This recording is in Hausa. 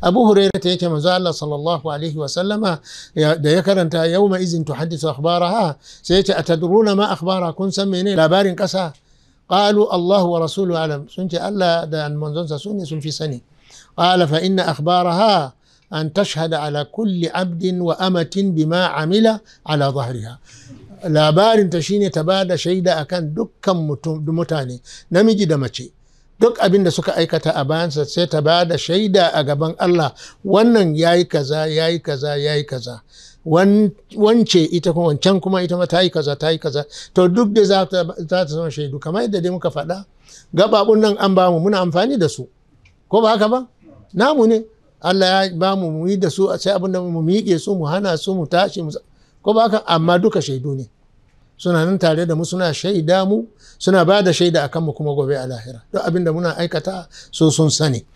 abu huraira ta yake manzo Allah sallallahu alaihi wa sallama da ya karanta yawma izin tuhaddisu akhbaraha sai yace atadruna ma akhbara kun san mene labarin ƙasa qalu Allah wa rasuluhu alam sun ce Allah da manzonsa su sun fi sani qala fa inna akhbaraha an tashada ala kulli abdin wa amatin bima amila ala zahriha labarinta shine ta bada shaida akan dukkan mutane namiji da mace duk abin da suka aikata a bayansa sai ta ba da shaida a gaban Allah wannan ya yi kaza ya yi kaza ya yi kaza wance ita kuma wancan kuma ita ma ta yi kaza ta yi kaza to duk da za ta zama shaidu kamar yadda dai muka faɗa gababun nan an bamu muna amfani da su ko ba haka ba namu ne Allah ya ba mu mu yi da su sai abin da mu miƙe su mu hana su mu tashi mu ko ba haka amma duka shaidu ne suna nan tare da mu suna shaida mu suna ba da shaida akan mu kuma gobe a lahira duk abin da muna aikata so sun sani